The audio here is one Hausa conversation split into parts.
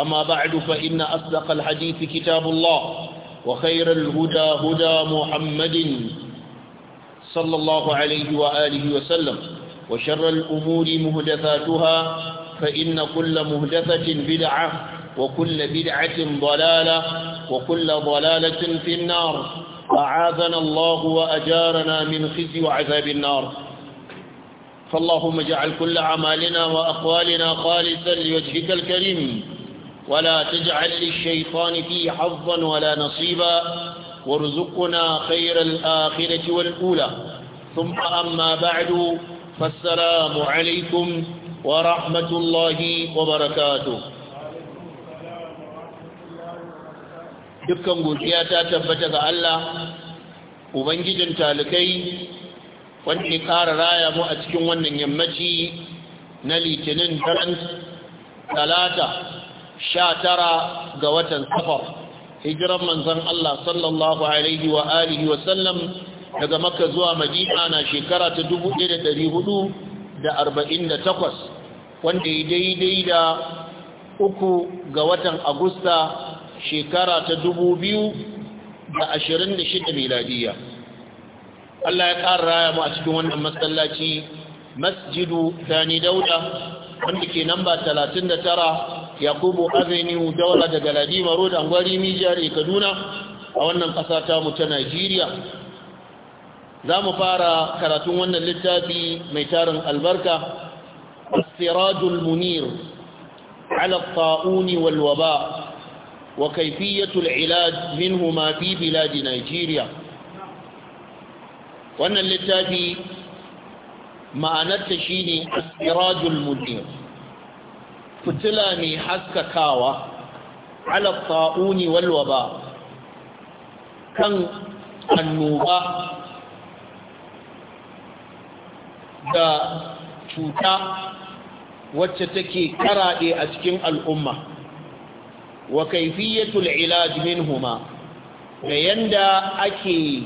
أما بعد فإن أصدق الحديث كتاب الله وخير الهدى هدى محمد صلى الله عليه وآله وسلم وشر الأمور مهدثاتها فإن كل مهدثة بدعة وكل بدعة ضلالة وكل ضلالة في النار أعاذنا الله وأجارنا من خزي وعذاب النار فاللهم اجعل كل عمالنا وأقوالنا خالصا لوجهك الكريم ولا تجعل للشيطان فيه حظا ولا نصيبا وارزقنا خير الآخرة والأولى ثم أما بعد فالسلام عليكم ورحمة الله وبركاته dukkan godiya ta tabbata ga Allah ubangijin talikai wanda ya ƙara raya mu a cikin wannan yammaci na litinin talata tara ga watan safar hijiran manzon Allah sallallahu alaihi wa alihi wa sallam daga makka zuwa madina na shekara ta 1448 wanda ya daidai da uku ga watan agusta shekara ta 2026 miladiya Allah ya ƙara raya mu a cikin wannan masallaci masjidu Sani Dauda wanda ke namba 39 yakubu avenue daula daga ladima road angwari mijiyar kaduna a wannan ƙasa ta mu ta najeriya za mu fara karatun wannan littafi mai tarin albarka sirajul munir ala ta'uni wal waba wa kaifiyatul ilaj minhuma fi biladi najeriya wannan littafi ma'anarta shine sirajul munir fitila mai haskakawa ala ta'uni walwaba kan annoba da cuta wacce take karaɗe a cikin al'umma wa kaifiyatul ilaj minhuma da yanda ake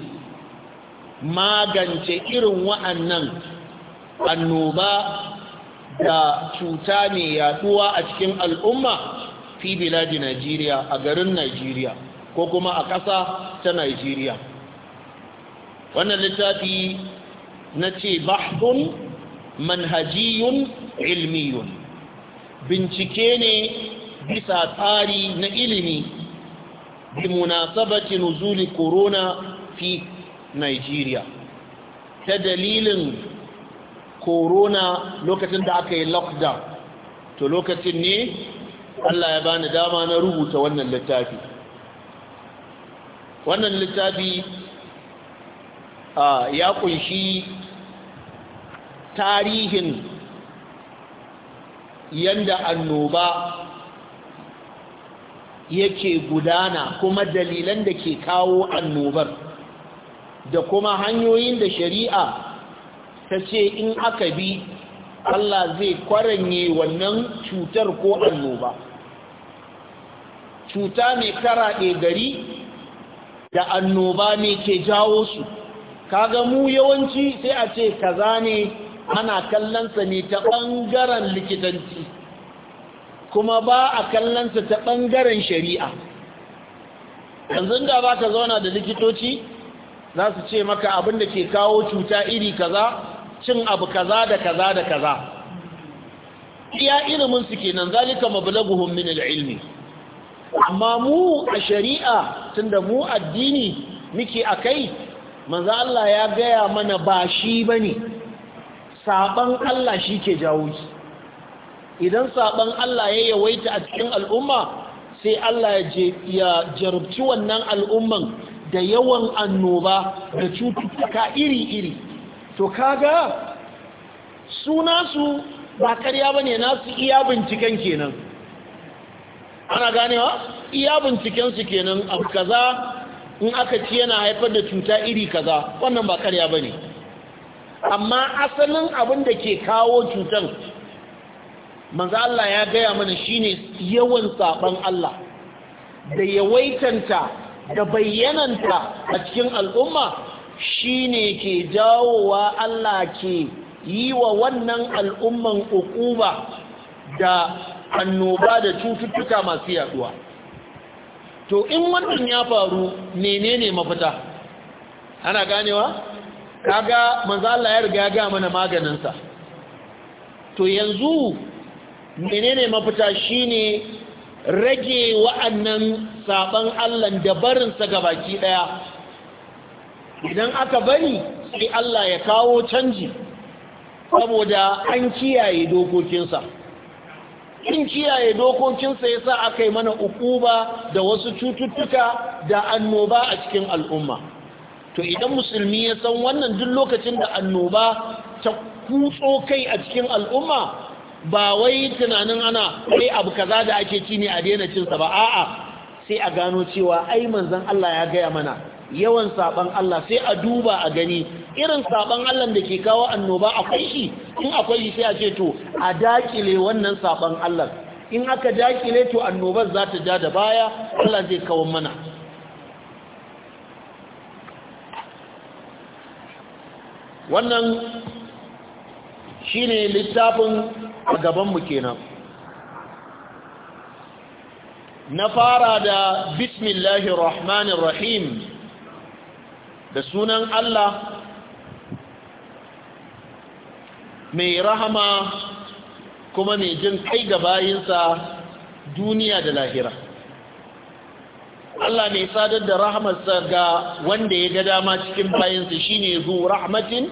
magance irin wa'annan annoba da cuta ne yaduwa a cikin al'umma fi biladi Najeriya a garin Najeriya ko kuma a ƙasa ta Najeriya wannan littafi na ce bahthun manhajiyun ilmiyun bincike ne bisa tsari na ilimi bi munasabati nuzuli corona fi Najeriya ta dalilin corona lokacin da aka yi lockdown to lokacin ne Allah ya bani dama na rubuta wannan littafi wannan littafi ya kunshi tarihin yanda annoba yake gudana kuma dalilan da ke kawo annobar da kuma hanyoyin da shari'a ta ce in aka bi Allah zai kwaranye wannan cutar ko annoba cuta mai karaɗe gari da annoba ne ke jawo su kaga mu yawanci sai a ce kaza ne ana kallonsa ne ta ɓangaren likitanci kuma ba a kallonsa ta ɓangaren shari'a yanzu da ba ka zauna da likitoci za su ce maka abin da ke kawo cuta iri kaza cin abu kaza da kaza da kaza iya ilimin su kenan zalika mablaguhum min al-ilmi amma mu a shari'a tunda mu addini muke akai manzo Allah ya gaya mana ba shi bane saban Allah shike jawo shi idan saban Allah ya yawaita a cikin al'umma sai Allah ya jarabci wannan al'umman da yawan annoba da cututtuka iri-iri to kaga suna su ba karya ba ne nasu iya binciken kenan ana ganewa iya bincikensu kenan abu kaza in aka ci yana haifar da cuta iri kaza wannan ba karya ba ne amma asalin abin da ke kawo cutar manza Allah ya gaya mana shine yawan saban Allah da yawaitanta da bayyananta a cikin al'umma shi ne ke jawowa Allah ke yi wa wannan al'umman ukuba da annoba da cututtuka masu yaduwa to in wannan ya faru menene mafita ana ganewa kaga maza Allah ya riga ga mana maganinsa to yanzu menene mafita shi ne rage wa'annan sabon Allah da barinsa ga baki ɗaya? idan aka bari sai Allah ya kawo canji saboda an kiyaye dokokinsa in kiyaye dokokinsa ya sa aka yi mana ukuba da wasu cututtuka da annoba a cikin al'umma to idan musulmi ya san wannan duk lokacin da annoba ta kutso kai a cikin al'umma ba wai tunanin ana kai abu kaza da ake ci ne a daina cinsa ba a'a sai a gano cewa ai manzon Allah ya gaya mana yawan saban Allah sai a duba a gani irin saban Allah da ke kawo annoba akwai shi in akwai shi sai a ce to a dakile wannan saban Allah in aka dakile to annobar za ta ja da baya Allah zai kawo mana wannan shine littafin a mu kenan na fara da bismillahir rahmanir rahim da sunan Allah mai rahama kuma mai jin kai ga bayinsa duniya da lahira Allah mai sadar da rahamarsa ga wanda ya ga dama cikin bayinsa shine zu rahmatin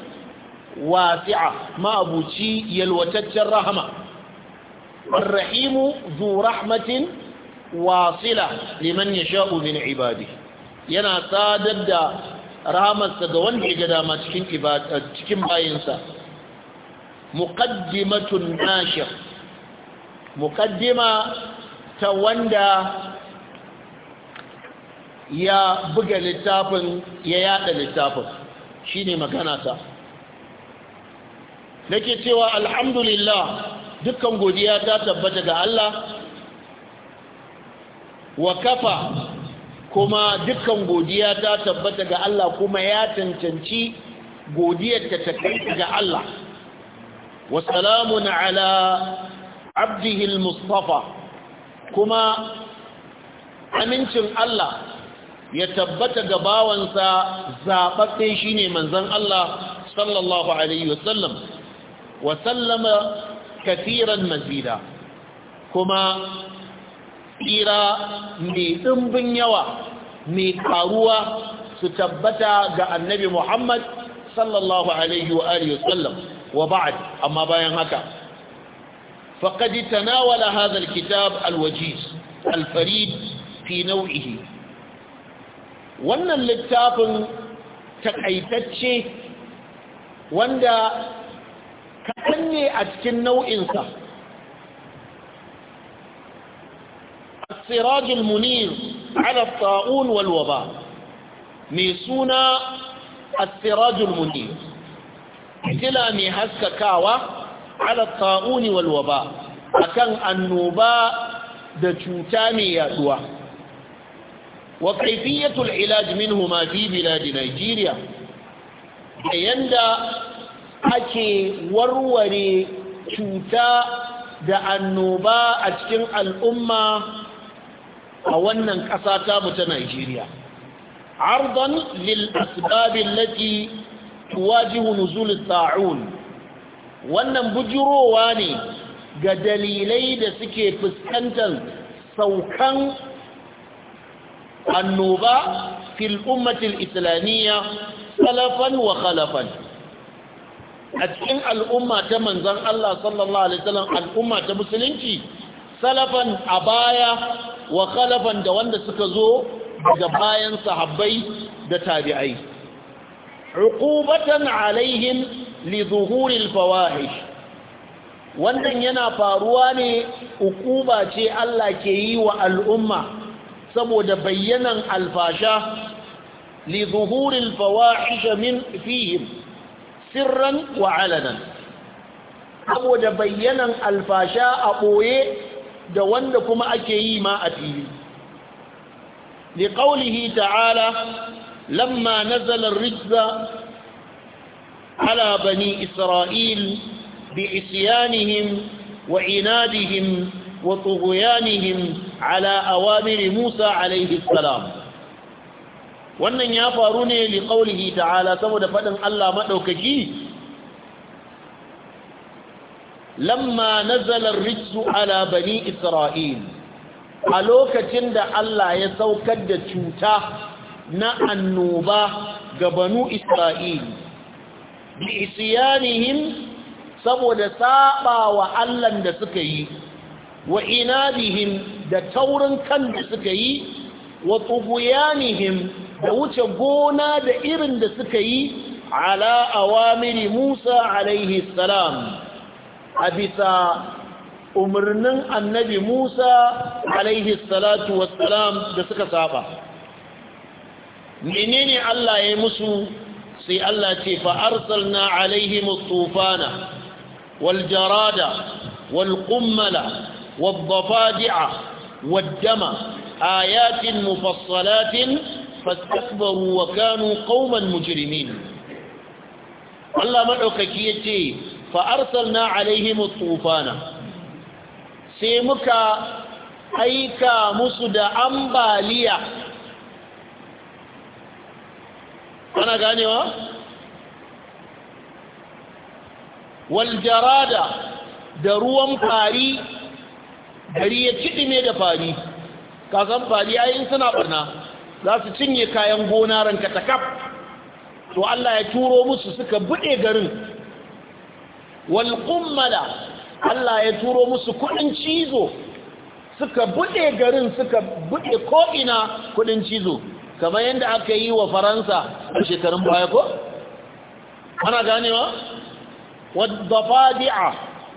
wasi'a ma'abuci yalwataccen rahama Rahimu zu rahmatin wasila liman yasha'u min ibadi yana sadar da rahamarsa ga wanda ya ga dama cikin cikin bayinsa muqaddimatun nashir muqaddima ta wanda ya buga littafin ya yada littafin shine magana ta nake cewa alhamdulillah dukkan godiya ta tabbata ga Allah wa kafa kuma dukkan godiya ta tabbata ga Allah kuma ya cancanci godiyar ta tabbata ga Allah wa salamun ala abdihi al-mustafa kuma amincin Allah ya tabbata ga bawansa zaɓaɓɓe shine manzon Allah sallallahu alaihi wasallam wa sallama kafiran mazida kuma tsira mai ɗimbin yawa mai karuwa su tabbata ga annabi Muhammad sallallahu alaihi wa alihi wasallam wa ba'd amma bayan haka faqad tanawala hadha kitab alwajiz alfarid fi naw'ihi wannan littafin takaitacce wanda kaɗan ne a cikin nau'insa sirajul munir ala ta'un wal waba suna as-sirajul munir kila ni haskakawa ala ta'un wal akan annoba da cuta ne yaduwa wa kayfiyatul ilaj minhuma fi bilad Nigeria yanda ake warware cuta da annoba a cikin al'umma a wannan ƙasa ta mu ta Najeriya ardan lil asbab allati tuwajihu nuzul ta'un wannan bujurowa ne ga dalilai da suke fuskantar saukan annoba fil ummatil islamiyya salafan wa khalafan a cikin al'umma ta manzan Allah sallallahu alaihi wasallam al'umma ta musulunci salafan a baya wa khalafan da wanda suka zo daga bayan sahabbai da tabi'ai uqubatan alaihim li zuhuril fawahish wannan yana faruwa ne hukuma ce Allah ke yi wa al'umma saboda bayyanan alfasha li zuhuril fawahish min fihim sirran wa alanan saboda bayyanan alfasha a ɓoye da wanda kuma ake yi ma a fili liƙaunihi ta'ala lamma nazalar rijza ala bani isra'il bi isyanihim wa inadihim wa tughyanihim ala awamir musa alaihi salam wannan ya faru ne liƙaunihi ta'ala saboda faɗin allah maɗaukaki lamma nazala rijsu ala bani isra'il a lokacin da Allah ya saukar da cuta na annoba ga banu isra'il bi isyanihim saboda saba wa Allah da suka yi wa inadihim da taurin kan da suka yi wa tughyanihim da wuce gona da irin da suka yi ala awamiri Musa alaihi salam a bisa umarnin annabi Musa alaihi salatu wassalam da suka saba menene Allah ya musu sai Allah ce fa arsalna alaihi tufana waljarada walƙummala wal qummala wad dafadi'a wad dama ayatin mufassalatin fastakbaru wa kanu Allah yace fa'arsalna alaihi tufana sai muka aika musu da ambaliya ana ganewa? jarada da ruwan fari gari ya kiɗime da fari kasan fari in suna barna za su cinye kayan gona ranka ta to Allah ya turo musu suka buɗe garin walƙummala Allah ya turo musu kudin cizo suka buɗe garin suka buɗe ko'ina kudin cizo kamar yadda aka yi wa faransa a shekarun baya ko? ana ganewa? wadda fadi'a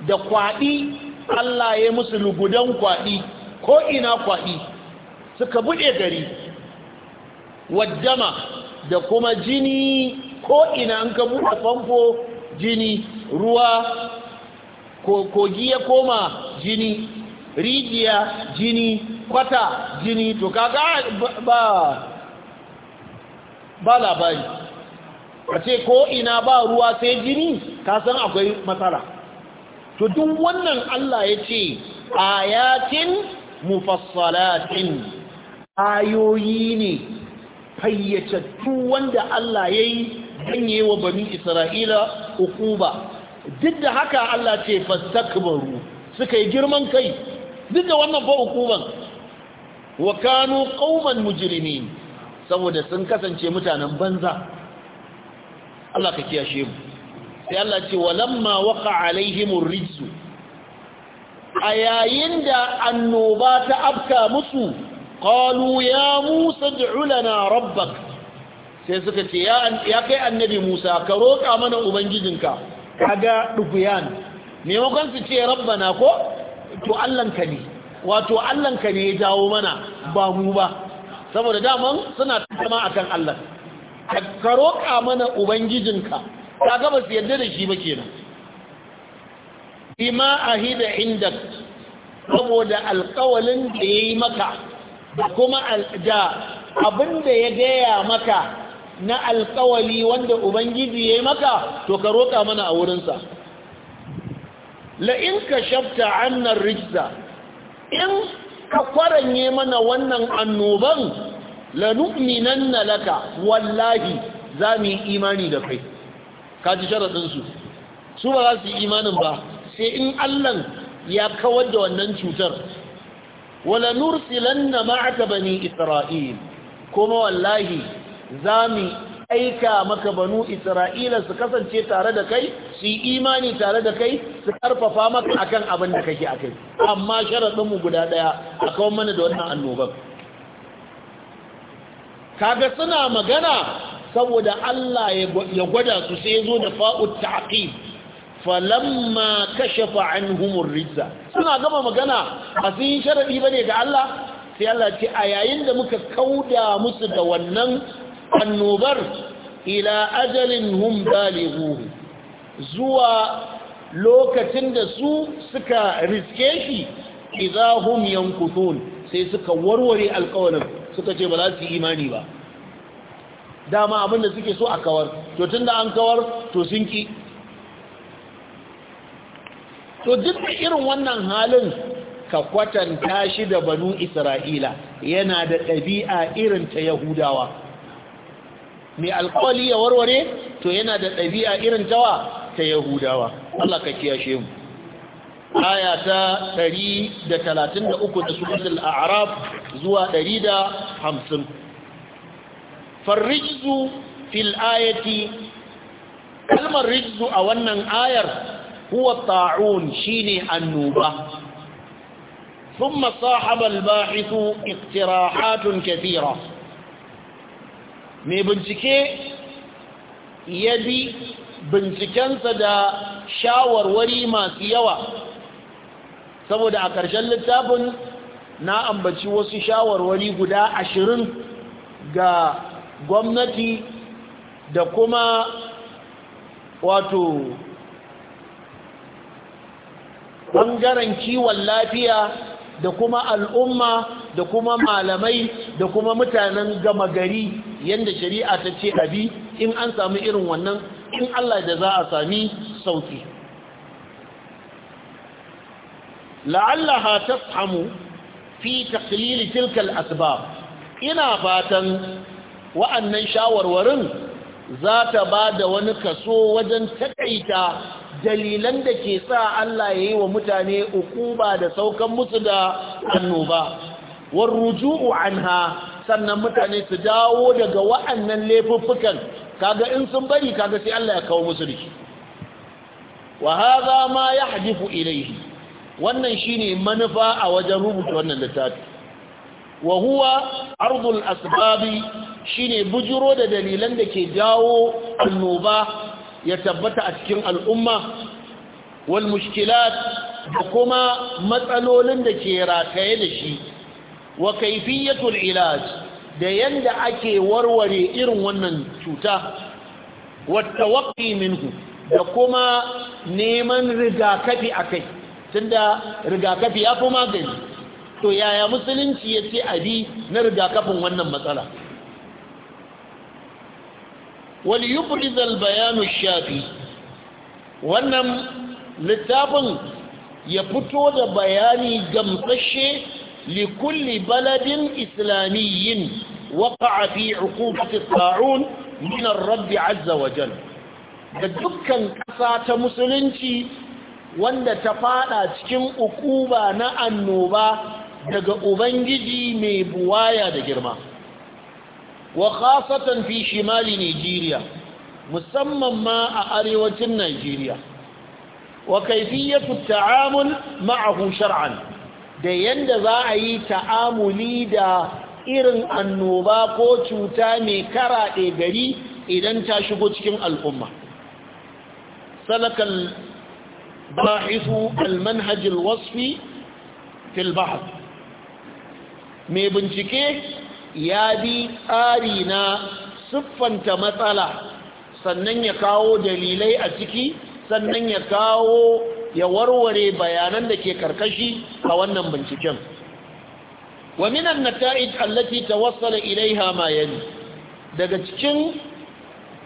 da kwaɗi Allah ya musu lugudan kwaɗi ko'ina kwaɗi suka buɗe gari wadda da kuma jini ko'ina an ka buɗe famfo jini ruwa kogi ya koma jini rijiya jini kwata jini to kaga ba ba labari a ce ko ina ba ruwa sai jini Ka san akwai matsala to duk wannan Allah ya ce ayatin mufassalatin ayoyi ne fayyatattu wanda Allah ya yi don yi wa bani isra'ila ukuba duk da haka Allah ce fastakbaru suka yi girman kai duk da wannan ba ukuban wa kanu qauman mujrimin saboda sun kasance mutanen banza Allah ka kiyashe mu sai Allah ce walamma waqa alaihimur rijsu a yayin da annoba ta afka musu qalu ya musa ad'u na rabbaka sai suka ce ya kai annabi musa ka roƙa mana ubangijinka kaga dubuyan maimakon su ce rabbana ko to allanka ne wato allanka ne ya jawo mana ba mu ba saboda daman suna zama akan allah ka roƙa mana ubangijinka ta gaba su yadda da shi ba kenan ima ahida indak saboda alƙawalin da ya yi maka da kuma da abin da ya gaya maka na alkawali wanda ubangiji ya yi maka to ka roƙa mana a wurinsa la'in ka shafta annan in ka kwaranye mana wannan annoban lanu'minan na laka wallahi za mu yi imani da kai ka ji sharaɗinsu su ba za su yi imanin ba sai in allan ya kawar da wannan cutar wala nursilan ma'ata bani isra'il kuma wallahi za mu aika maka banu isra'ila su kasance tare da kai su yi imani tare da kai su karfafa maka akan abin da kake kai. amma sharaɗinmu guda ɗaya a kawo mana da wannan annoban kaga suna magana saboda Allah ya gwada su sai zo da fa'ud ta'qib falamma kashafa anhumur rizza suna gama magana a sun sharadi bane ga Allah sai Allah ce a yayin da muka kauda musu da wannan annobar ila ajalin hum balihun zuwa lokacin da su suka riske shi idza hun yankuton sai suka warware alƙawarin suka ce ba za su yi imani ba dama abinda suke so a kawar to tun da an kawar to sun ki to duk irin wannan halin ka kwatanta shi da banu isra'ila yana da ɗabi'a irin ta yahudawa mai alkawali ya warware to yana da ɗabi'a irin tawa ta yahudawa Allah ka kiyashe mu aya ta 133 da suratul a'raf zuwa 150 farrijzu fil ayati kalmar rijzu a wannan ayar huwa ta'un shine annuba ثم صاحب الباحث اقتراحات كثيره mai bincike ya bi bincikensa da shawarwari masu yawa saboda a ƙarshen littafin na ambaci wasu shawarwari guda ashirin ga gwamnati da kuma wato ɓangaren kiwon lafiya da kuma al'umma da kuma malamai da kuma mutanen gama gari yanda shari'a ta ce bi in an samu irin wannan in Allah da za a sami sauki la'allaha tafhamu fi taƙilili tilka al ina fatan wa'annan shawarwarin za ta ba da wani kaso wajen taƙaita dalilan da ke sa Allah ya yi wa mutane ukuba da saukan musu da annoba ruju'u anha sannan mutane su dawo daga wa'annan laifuffukan kaga in sun bari kaga sai Allah ya kawo musu dashi wa hadha ma yahdifu ilayhi wannan shine manufa a wajen rubuta wannan littafi wa huwa ardul asbabi shine bujuro da dalilan da ke jawo annoba ya tabbata a cikin al'umma wal mushkilat da kuma matsalolin da ke rataye da shi wa kaifiyatul ilaj da yanda ake warware irin wannan cuta wa tawaqqi minhu da kuma neman rigakafi akai tunda rigakafi ya fi magani to yaya musulunci ya ce abi na rigakafin wannan matsala wal yubriz al bayan shafi wannan littafin ya fito da bayani gamsashe Likulli بلد islamiyyin وقع في عقوبة الطاعون من الرب عز وجل da dukkan ƙasa ta musulunci wanda ta faɗa cikin ukuba na annoba daga ubangiji mai buwaya da girma wa khasatan fi shimali Najeriya, musamman ma a arewacin Najeriya. wa kaifiyatu ta'amul ma'ahu shar'an da yadda za a yi ta'amuli da irin annoba ko cuta mai karaɗe gari idan ta shigo cikin al'umma salakal bahisu almanhajil wasfi fil bahth mai bincike ya bi tsari na siffanta matsala sannan ya kawo dalilai a ciki sannan ya kawo ya warware bayanan da ke karkashi a wannan binciken wa minan nata'ij allati tawassala ilaiha ma yali daga cikin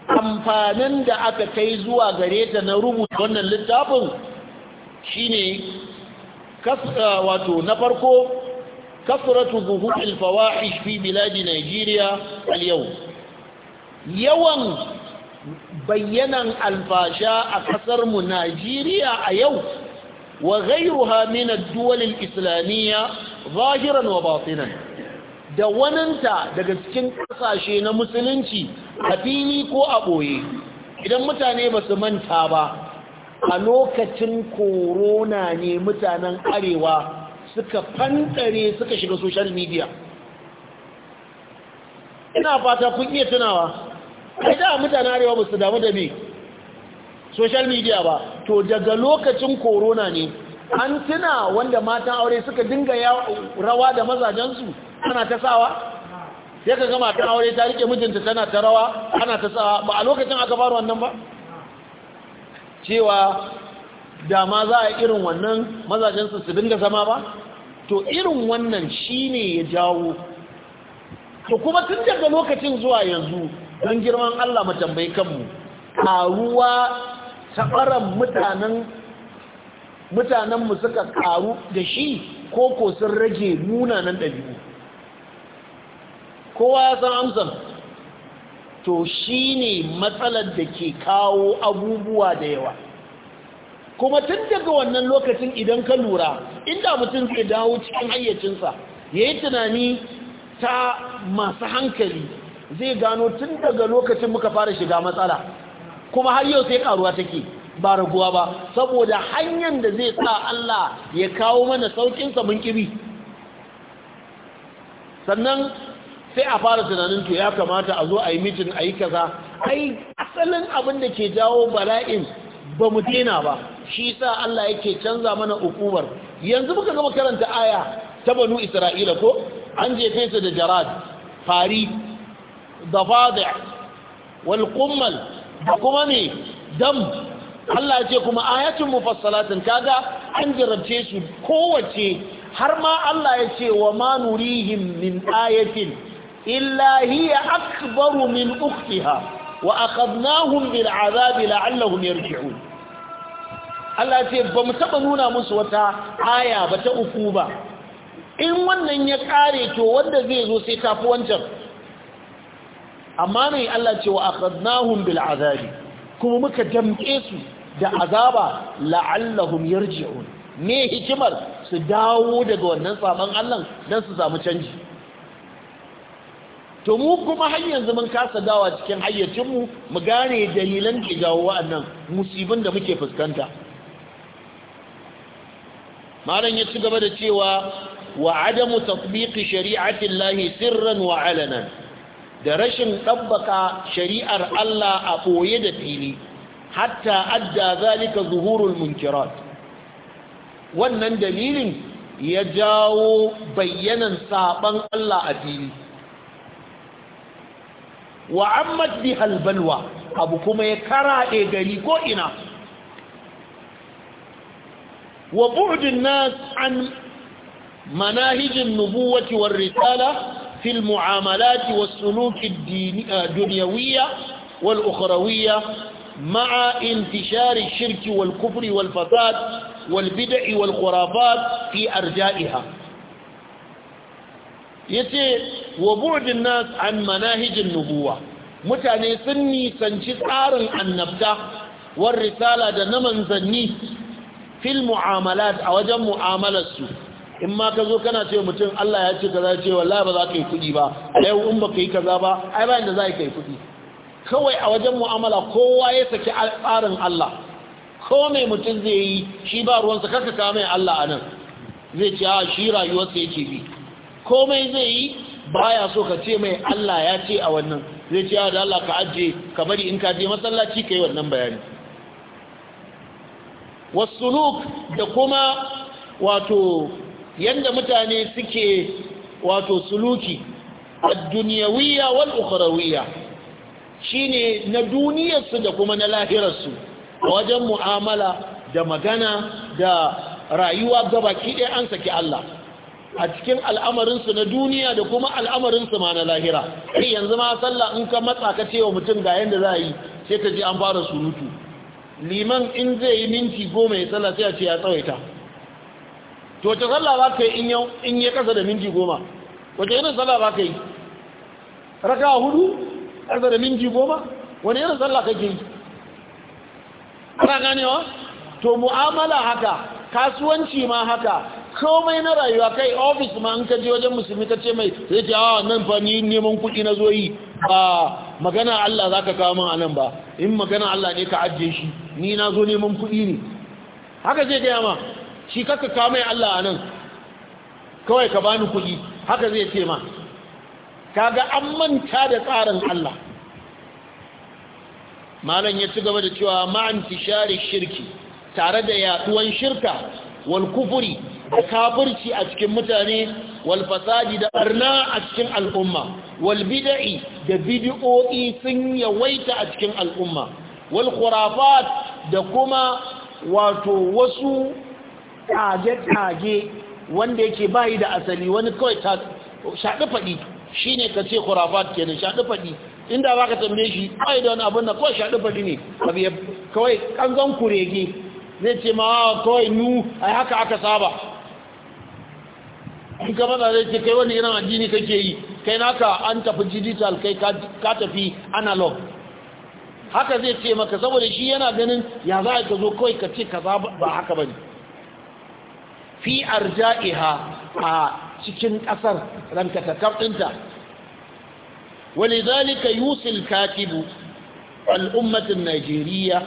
amfanin da aka kai zuwa gare ta na rubuta wannan littafin shine wato na farko kasratu zuhul fawahish fi biladi Najeriya al yau yawan bayyanan alfasha a ƙasarmu najeriya a yau wa gairuha min islamiyya zahiran wa batinan da wananta daga cikin ƙasashe na musulunci a fili ko a boye idan mutane ba su manta ba a lokacin korona ne mutanen arewa suka fantare suka shiga social media ina fata kun iya tunawa ai da mutane arewa ba su damu da me social media ba to daga lokacin corona ne an tuna wanda matan aure suka dinga rawa da mazajensu ana ta sawa sai ka gama kan aure ta rike mijinta tana ta rawa ana ta sawa ba a lokacin aka faru wannan ba cewa da ma za a irin wannan mazajensu su dinga zama ba to irin wannan shine ya jawo to kuma tun daga lokacin zuwa yanzu don girman Allah mu tambayi kanmu karuwa tabaran mutanen mutanen mu suka karu da shi ko ko sun rage munanan ɗabi'u kowa ya san amsan to shi ne matsalar da ke kawo abubuwa da yawa kuma tun daga wannan lokacin idan ka lura inda mutum zai dawo cikin hayyacinsa ya yi tunani ta masu hankali zai gano tun daga lokacin muka fara shiga matsala kuma har yau sai karuwa take ba raguwa ba saboda hanyar da zai sa Allah ya kawo mana sa mun kibi sannan sai a fara tunanin to ya kamata a zo a yi mitin a yi kaza ai asalin abin da ke jawo bala'in ba mu dena ba shi sa Allah yake canza mana hukumar yanzu muka gama karanta aya ta banu Isra'ila ko an je su da jarad fari ضفادع والقمل kuma ne dam Allah ce kuma ayatin mufassalatin kaga an jarabce su kowace har ma Allah ya ce wa ma nurihim min ayatin illa hiya akbaru min ukhtiha wa akhadnahum bil azabi la'allahum yarji'un Allah ce ba mu taba nuna musu wata aya ba ta uku ba in wannan ya kare to wanda zai zo sai tafi wancan amma ne Allah ce wa akhadnahum bil azabi kuma muka damke su da azaba la'allahum yarji'un me hikimar su dawo daga wannan saban Allah dan su samu canji to mu kuma har yanzu mun kasa dawa cikin hayyacin mu mu gane dalilan da jawo wa'annan musibin da muke fuskanta malam ya ci gaba da cewa wa adamu tatbiqi shari'ati sirran wa alanan da rashin ɗabbaka shari'ar Allah a ɓoye da fili hatta adda zalika zuhurul munkirat wannan dalilin ya jawo bayyanan saban Allah a fili wa ammat bi balwa abu kuma ya karaɗe gari ko ina wa bu'dun nas an manahijin nubuwati war risala في المعاملات والسلوك آه، الدنيوية والأخروية مع انتشار الشرك والكفر والفساد والبدع والخرافات في أرجائها يتي وبعد الناس عن مناهج النبوة متعني سني سنشسار عن نبتا والرسالة دنما في المعاملات أو جمع معاملة السلوك in ma ka zo kana ce mutum Allah ya ce kaza ce wallahi ba za ka yi kuɗi ba ai in ba ka yi kaza ba ai bayan da za ka yi kuɗi kawai a wajen mu'amala kowa ya saki tsarin Allah ko mai mutum zai yi shi ba ruwansa kaka mai Allah a nan zai ce a ah, shi rayuwarsa yake bi komai zai yi baya so ka ce mai Allah ya ce a wannan zai ce ah, da Allah ka ajiye ka bari in ka je masallaci ka yi wannan bayani wasuluk da kuma wato yanda mutane suke wato suluki ad-dunyawiyya wal ukhrawiyya shine na duniyarsu da kuma na lahirarsu a wajen mu'amala da magana da rayuwa gabaki ɗaya an saki Allah a cikin al'amarinsu na duniya da kuma al'amarinsu ma na lahira sai yanzu ma sallah in ka matsa ka cewa mutum ga yanda za a yi sai ka ji an fara surutu liman in zai yi minti goma ya sallah sai a ce ya tsawaita to wace sallah ba ka yi in ya kasa da minti goma wace irin sallah ba ka yi raka hudu kasa da minti goma wani irin sallah ke yi ana ganewa to mu'amala haka kasuwanci ma haka komai na rayuwa kai ofis ma an kaji wajen musulmi ka ce mai zai ce awa ah, nan fa ni neman kuɗi na zo yi ba magana Allah za ka kawo min anan ba in magana Allah ne ka ajiye shi ni na zo neman kuɗi ne haka zai gaya ma shi kaka kawo mai Allah a nan kawai ka bani kuɗi haka zai ce ma kaga an manta da tsarin Allah malam ya ci gaba da cewa ma'an tishari shirki tare da yaduwan shirka wal kufuri da kafirci a cikin mutane wal fasadi da barna a cikin al'umma wal bid'i da bid'o'i sun yawaita a cikin al'umma wal khurafat da kuma wato wasu Tage tage wanda yake bayi da asali wani kawai ta shaɗi faɗi shi ne ka ce kurafat ke ne shaɗi faɗi inda ba ka tambaye shi ai da wani abin na kawai shaɗi faɗi ne kawai ƙanzon kurege zai ce ma ah, kawai nu a haka aka saba in ka fada zai ce kai wani irin addini kake yi kai naka an tafi digital kai ka tafi analog haka zai ce maka saboda shi yana ganin ya za ka zo kawai ka ce ka ba haka ba ne fi arja'iha a cikin ƙasar ranka ta kaftinta wani zalika yusil katibu al'ummatin najeriya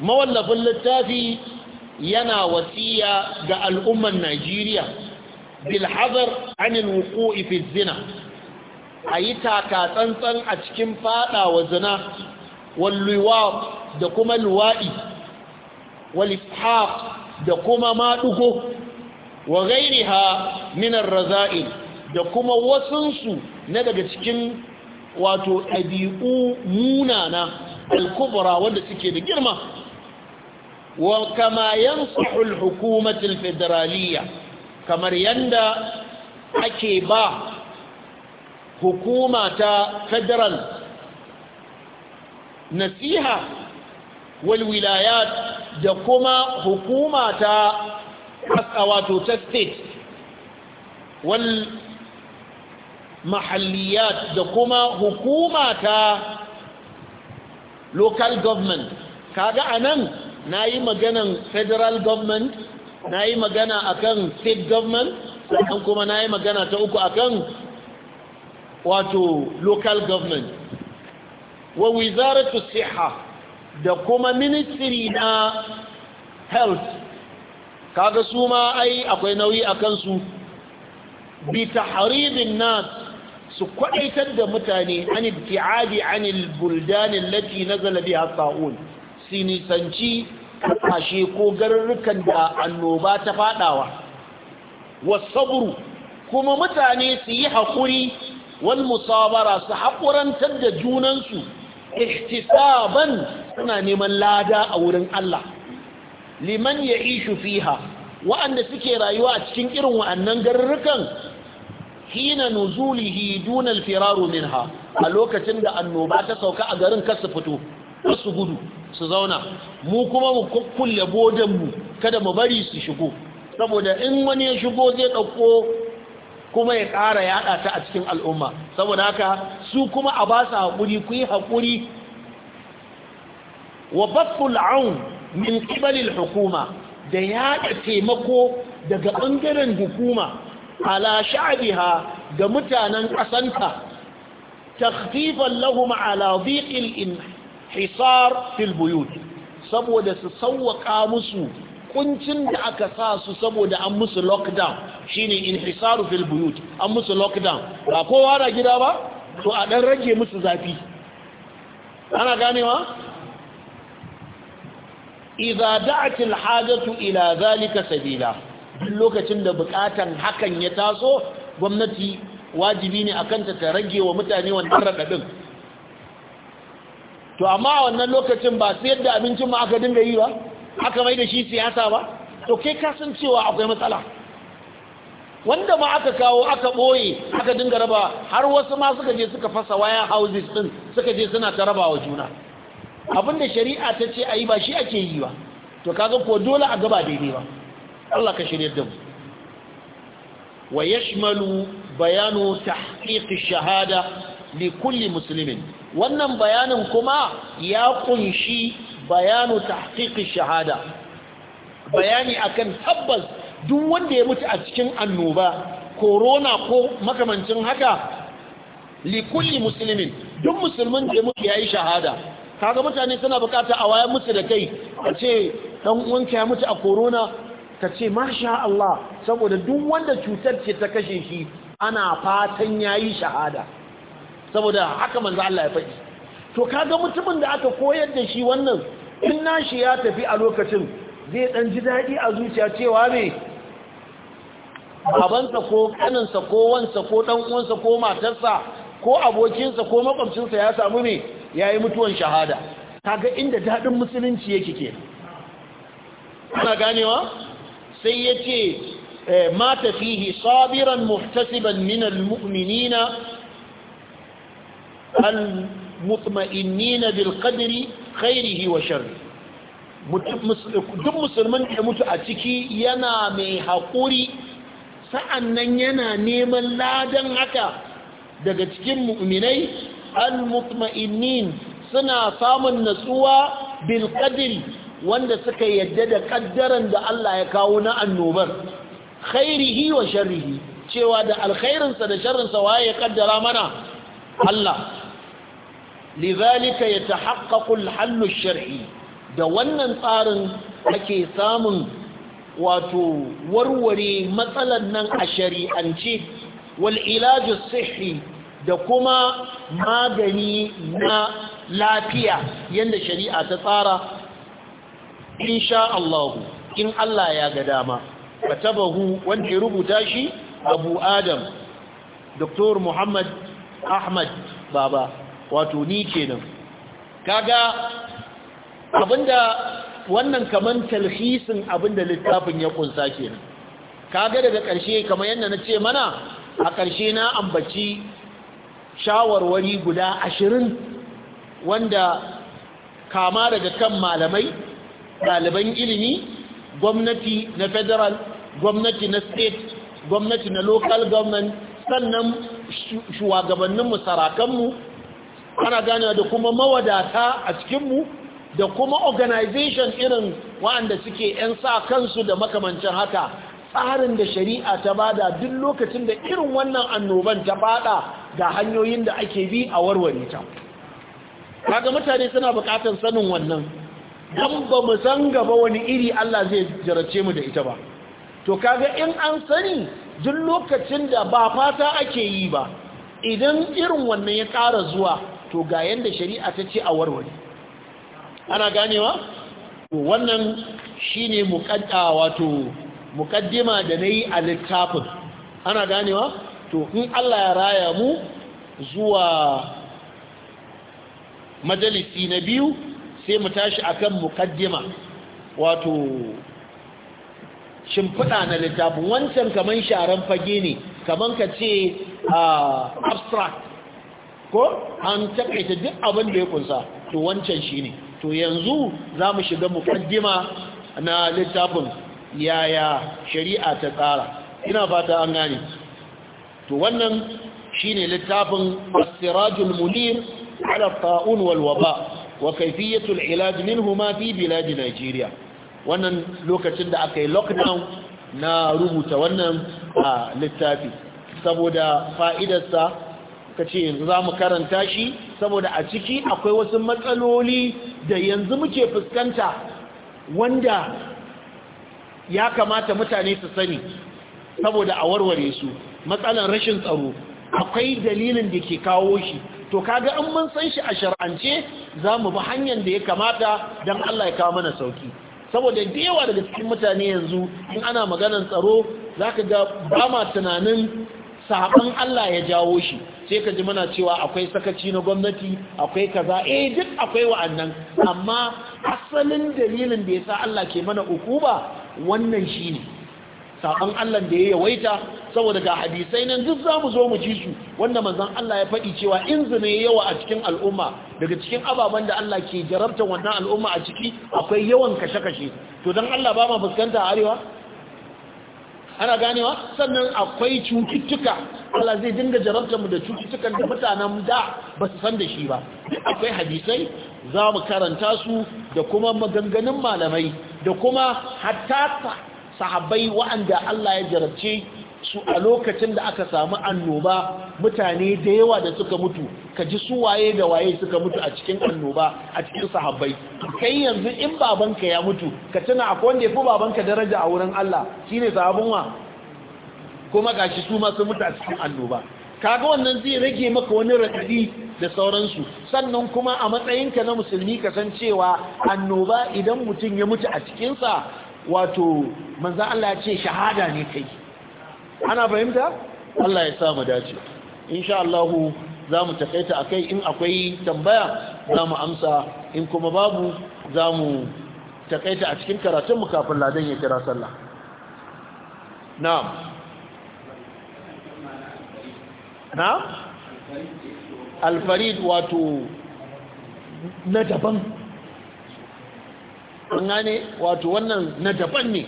mawallafin littafi yana wasiya ga al'umman najeriya bilhazar anil wuku'i fi zina a yi takatsantsan a cikin faɗawa zina walluwa da kuma luwa'i walishaq da kuma maɗuko wa ha minar raza'il da kuma wasunsu na daga cikin wato ɗabi'u munana alkubra wanda suke da girma wa kama yansahul hukumatul federaliya kamar yanda ake ba hukuma ta federal nasiha wal wilayat da kuma hukuma ta wato ta state wal mahalliyat da kuma hukuma ta local government kaga anan nayi maganan federal government nayi magana akan state government sannan kuma nayi magana ta uku akan wato local government wa wizaratu siha da kuma ministry na health kaga su ma ai akwai nauyi a kansu bi tahridin nas su kwadaitar da mutane an ibtiadi an albuldan allati nazala biha sa'un sinisanci kashe ko garurukan da annoba ta fadawa wasabru kuma mutane su yi hakuri wal musabara su hakurantar da junansu ihtisaban suna neman lada a wurin Allah liman ya ishu fiha wa'anda suke rayuwa a cikin irin wa'annan garurrukan hina nuzulihi dunal firaru minha a lokacin da annoba ta sauka a garin kasu fito wasu gudu su zauna mu kuma mu kukkulle bodanmu kada mu bari su shigo saboda in wani ya shigo zai ɗauko kuma ya ƙara yaɗa ta a cikin al'umma saboda haka su kuma a ba su haƙuri ku yi haƙuri wa batul aun min qibalil hukuma da yaɗa taimako daga ɓangaren hukuma ala shabiha ga mutanen ƙasanta takhfifan lahum ala dhiqil inhisar fil buyut saboda su sawwaka musu kuncin da aka sa su saboda an musu lockdown shine inhisaru fil buyut an musu lockdown ba kowa na gida ba to a dan rage musu zafi ana ganewa idza da'atil hajatu ila zalika sabila duk lokacin da bukatan hakan ya taso gwamnati wajibi ne akan ta rage wa mutane wannan radadin to amma wannan lokacin ba sai da abincin mu aka dinga yi ba aka mai da shi siyasa ba to kai ka san cewa akwai matsala wanda ma aka kawo aka boye aka dinga raba har wasu ma suka je suka fasa wayan houses ɗin suka je suna ta rabawa juna abinda shari'a ta ce a yi ba shi ake yi ba to kaga ko dole a gaba daidai ba Allah ka shirya da mu wa yashmalu bayanu tahqiqi shahada li kulli muslimin wannan bayanin kuma ya kunshi bayanu tahqiqi shahada bayani akan tabbas duk wanda ya mutu a cikin annoba corona ko makamancin haka li kulli muslimin duk musulmin da ya mutu yayi shahada kaga mutane suna bukata a wayar musu da kai a ce dan uwanka ya mutu a korona, ka ce masha Allah saboda duk wanda cutar ce ta kashe shi ana fatan yayi shahada saboda haka manzo Allah ya faɗi to kaga mutumin da aka koyar da shi wannan in nashi ya tafi a lokacin zai ɗan ji daɗi a zuciya cewa me babansa ko kaninsa ko wansa ko dan uwansa ko matarsa ko abokinsa ko makwabcinsa ya samu me ya yi mutuwan shahada kaga inda daɗin musulunci yake ke ana ganewa sai ya ce eh, mata fihi sabiran muhtasiban min al almutma'innina bil qadri khairihi wa sharri duk musulmin da mutu a ciki yana mai haƙuri sa'annan yana neman ladan haka daga cikin mu'minai al-mutma'innin suna samun natsuwa bil qadri wanda suka yadda da kaddaran da Allah ya kawo na annobar khairihi wa sharrihi cewa da alkhairinsa da sharrinsa waye ya kaddara mana Allah lidhalika yatahaqqaqu al-hall ash-shar'i da wannan tsarin ake samun wato warware matsalan nan a shari'ance wal ilaj as-sihhi da kuma magani na lafiya yadda shari'a ta tsara insha Allah in Allah ya ga dama katabahu wanda ya rubuta shi Abu Adam Dr. Muhammad Ahmad Baba wato ni kenan kaga abinda wannan kaman talhisin abinda littafin ya kunsa kenan kaga daga ƙarshe kamar yadda na ce mana a ƙarshe na ambaci shawarwari guda ashirin wanda kama daga kan malamai ɗaliban ilimi gwamnati na federal gwamnati na state gwamnati na local government sannan shugabanninmu sarakanmu ana gane da kuma mawadata a cikinmu da kuma organization irin waɗanda suke 'yan sa kansu da makamancin haka tsarin da shari'a ta bada duk lokacin da irin wannan annoban ta fada ga hanyoyin da ake bi a warware ta kaga mutane suna bukatar sanin wannan dan ba mu san gaba wani iri Allah zai jarace mu da ita ba to kaga in an sani duk lokacin da ba fata ake yi ba idan irin wannan ya ƙara zuwa to ga yanda shari'a ta ce a warware ana ganewa wannan shine muƙadda wato mukaddima da na yi a littafin ana ganewa to in allah ya raya mu zuwa majalisi na biyu sai mu tashi akan mukaddima wato shimfiɗa na littafin wancan kaman sharan fage ne kaman ka ce abstract ko an taƙaita duk abin da ya kunsa to wancan shi ne to yanzu za mu shiga mukaddima na littafin yaya shari'a ta tsara ina fata an gane to wannan shine littafin Sirajul Munir ala Ta'un wal Waba wa kayfiyatul ilaj minhuma fi bilad Nigeria wannan lokacin da aka yi lockdown na rubuta wannan a littafi saboda fa'idarsa kace yanzu za mu karanta shi saboda a ciki akwai wasu matsaloli da yanzu muke fuskanta wanda ya kamata mutane su sani saboda a warware su matsalan rashin tsaro akwai dalilin da ke kawo shi to kaga in mun san shi a shar'ance za mu bi hanyar da ya kamata don Allah ya kawo mana sauki saboda da yawa daga cikin mutane yanzu in ana maganar tsaro za ka ga ba ma tunanin saɓan Allah ya jawo shi sai ka ji mana cewa akwai sakaci na gwamnati akwai kaza eh duk akwai wa'annan amma asalin dalilin da ya sa Allah ke mana ukuba wannan shi ne saban Allah da ya yawaita saboda ga hadisai nan duk za mu zo mu ji su wanda manzon Allah ya faɗi cewa in zina yawa a cikin al'umma daga cikin ababen da Allah ke jarabta wannan al'umma a ciki akwai yawan kashe-kashe to don Allah ba ma fuskanta arewa ana ganewa sannan akwai cututtuka Allah zai dinga jarabta mu da cututtukan da mutanen da ba su san da shi ba akwai hadisai za mu karanta su da kuma maganganun malamai da kuma hatta sahabbai wa'anda Allah ya jarabce su a lokacin da aka samu annoba mutane da yawa da suka mutu ka ji su waye da waye suka mutu a cikin annoba a cikin sahabbai kai yanzu in babanka ya mutu ka tuna akwai wanda ya fi babanka daraja a wurin Allah shine sahabin wa kuma gashi su ma sun mutu a cikin annoba kaga wannan zai rage maka wani radadi da sauransu sannan kuma a matsayinka na musulmi ka san cewa annoba idan mutum ya mutu a cikinsa wato manzo Allah ya ce shahada ne kai ana fahimta Allah ya sa mu dace insha Allah za mu takaita akai in akwai tambaya za mu amsa in kuma babu za mu takaita a cikin karatun mu kafin ladan ya kira sallah na'am na'am alfarid wato na daban an gane wato wannan na daban ne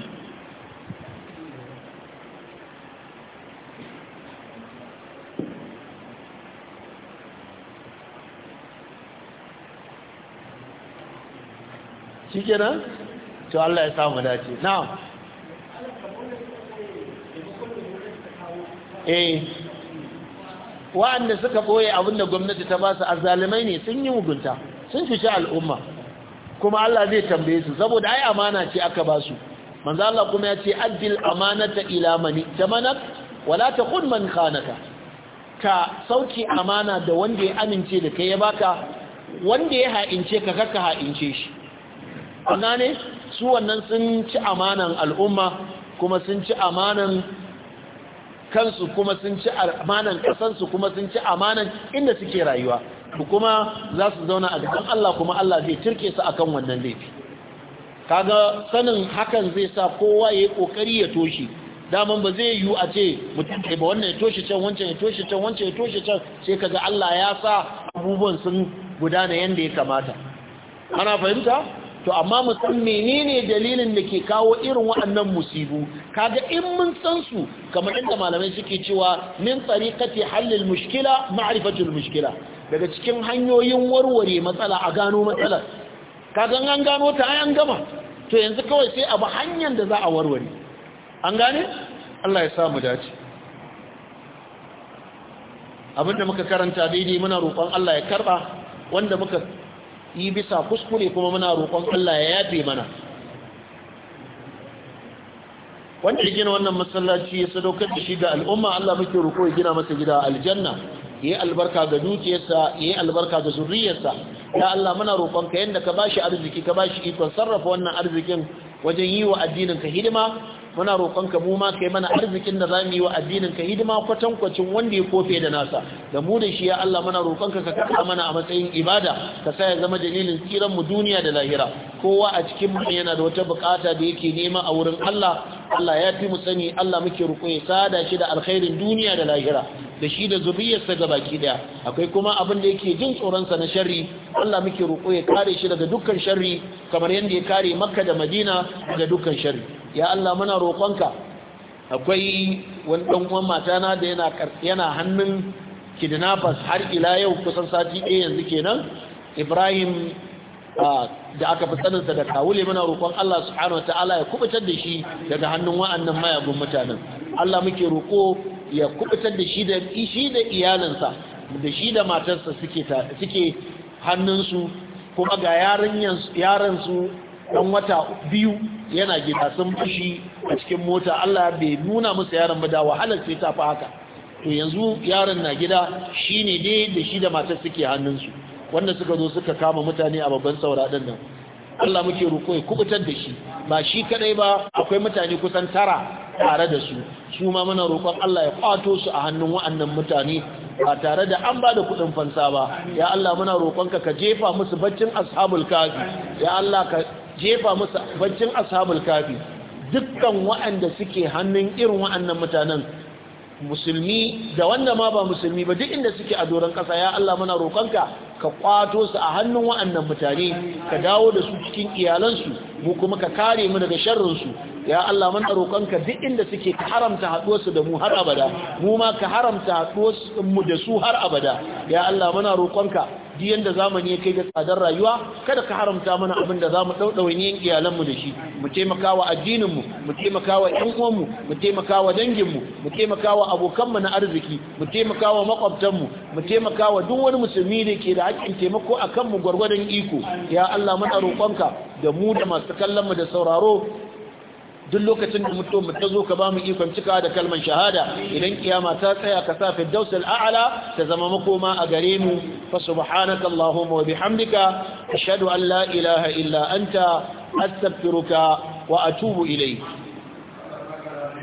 nan to Allah ya samu dace na'am eh wanda suka boye abinda gwamnati ta ba su azzalimai ne sun yi mugunta sun fice al'umma kuma Allah zai tambaye su saboda ai amana ce aka ba su manzo Allah kuma ya ce addil amanata ila mani tamanak wala taqul man khanaka ka sauki amana da wanda ya amince da kai ya baka wanda ya ha'ince ka kaka ha'ince shi amma ne su wannan sun ci amanan al'umma kuma sun ci amanan kansu kuma sun ci amanan kasansu kuma sun ci amanan inda suke rayuwa kuma za su zauna a gaban Allah kuma Allah zai turke su akan wannan laifi kaga sanin hakan zai sa kowa ya kokari ya toshe. daman ba zai yiwu a ce mutum kai ba wannan ya toshe can wancan ya toshe can wancan ya toshe can sai kaga Allah ya sa abubuwan sun gudana yanda ya kamata ana fahimta to amma mu san menene dalilin da ke kawo irin waɗannan musibu kaga in mun san su kamar inda malamai suke cewa min tariqati halil mushkila ma'rifatul mushkila daga cikin hanyoyin warware matsala a gano matsalar kaga an gano ta an gama to yanzu kawai sai abu hanyar da za a warware an gane Allah ya samu dace abinda muka karanta daidai muna roƙon Allah ya karba wanda muka yi bisa kuskure kuma muna roƙon Allah ya yafe mana wanda ya gina wannan masallaci ya sadaukar da shi ga al'umma Allah muke roƙo ya gina masa gida aljanna yayi albarka ga dukiyarsa yayi albarka ga zurriyarsa. ya Allah muna roƙon ka yanda ka bashi arziki ka bashi ikon sarrafa wannan arzikin wajen yi wa addinin ka hidima muna roƙonka mu ma kai mana arzikin da zamu yi wa addinin ka hidima kwatankwacin wanda ya kofe da nasa da mu da shi ya Allah muna roƙonka ka karɓa mana a matsayin ibada ka sa ya zama dalilin tsiran mu duniya da lahira kowa a cikin mu yana da wata bukata da yake nema a wurin Allah Allah ya fi mu sani Allah muke roƙo sada shi da alkhairin duniya da lahira da shi da zuriyarsa gabaki daya akwai kuma abin da yake jin tsoron sa na sharri Allah muke roƙo ya kare shi daga dukkan sharri kamar yadda ya kare Makka da Madina daga dukkan sharri ya Allah muna roƙonka akwai wani ɗan uwan na da yana yana hannun kidnappers har ila yau kusan sati ɗaya yanzu kenan Ibrahim da aka fi saninsa da kawule muna roƙon Allah subhanahu ta'ala ya kubutar da shi daga hannun wa'annan mayagun mutanen Allah muke roƙo ya kubutar da shi da shi da iyalinsa da shi da matarsa suke hannunsu kuma ga yaran su Ɗan wata biyu yana gida sun fushi a cikin mota Allah bai nuna musu yaron ba da wahalar sai ta fi haka to yanzu yaron na gida shine dai da shi da matar suke hannunsu wanda suka zo suka kama mutane a babban sauraɗin nan Allah muke roƙo ya kubutar da shi ba shi kadai ba akwai mutane kusan tara tare da su su ma muna roƙon Allah ya kwato su a hannun wa'annan mutane ba tare da an ba da kuɗin fansa ba ya Allah muna roƙonka ka jefa musu baccin ashabul kafi ya Allah ka jefa musu baccin ashabul kafi dukkan wa'anda suke hannun irin wa'annan mutanen musulmi da wanda ma ba musulmi ba duk inda suke a doron ƙasa ya Allah mana roƙonka ka kwato su a hannun wa'annan mutane ka dawo da su cikin iyalansu mu kuma ka kare mu daga sharrinsu ya Allah mana roƙonka duk inda suke ka haramta haɗuwarsu da mu har abada mu ma ka haramta haɗuwarsu mu da su har abada ya Allah mana roƙonka duk yanda zamani ya kai da tsadar rayuwa kada ka haramta mana abin da zamu ne yin iyalanmu da shi mu taimaka wa addinin mu mu taimaka wa ƴan uwan mu mu taimaka wa dangin mu mu taimaka wa abokan na arziki mu taimaka wa makwabtan mu mu taimaka wa duk wani musulmi da ke da hakkin taimako akan mu gwargwadon iko ya Allah muna roƙonka da mu da masu kallon mu da sauraro duk lokacin da mutum ta zo ka ba mu ikon cika da kalman shahada idan kiyama ta tsaya ka sa firdaus al'ala ta zama makoma a gare mu fa subhanaka allahumma wa bihamdika ashhadu an la ilaha illa anta astaghfiruka wa atubu ilayk